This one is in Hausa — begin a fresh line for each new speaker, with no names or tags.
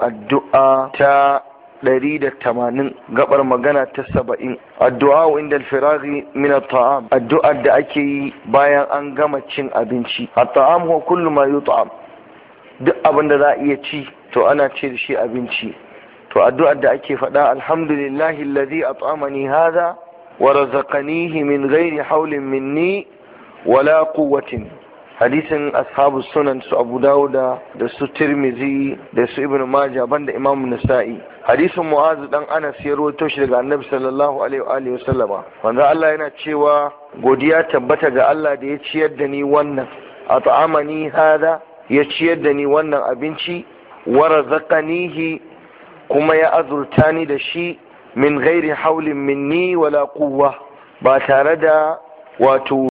addu'a ta ɗari da tamanin gabar magana ta saba'in addu'a inda alfirari min ta'am addu'a da ake yi bayan an gama cin abinci a ta'am ko kullum ma ta'am. duk abin da za a iya ci to ana ce da shi abinci to addu'a da ake faɗa alhamdulillahi alladhi at'amani hadha wa razaqanihi min ghairi hawlin minni wala quwwatin hadisin ashabu sunan su abu dawuda da su tirmizi da su ibn maja banda imam nasa'i hadisin Mu'azu dan ana ya rawaito shi daga annabi sallallahu alaihi wa sallama wanda Allah yana cewa godiya tabbata ga Allah da ya ciyar da ni wannan at'amani hada ya ciyar da ni wannan abinci wa razaqanihi kuma ya azurta ni da shi min ghairi haulin minni wala quwwa ba tare da wato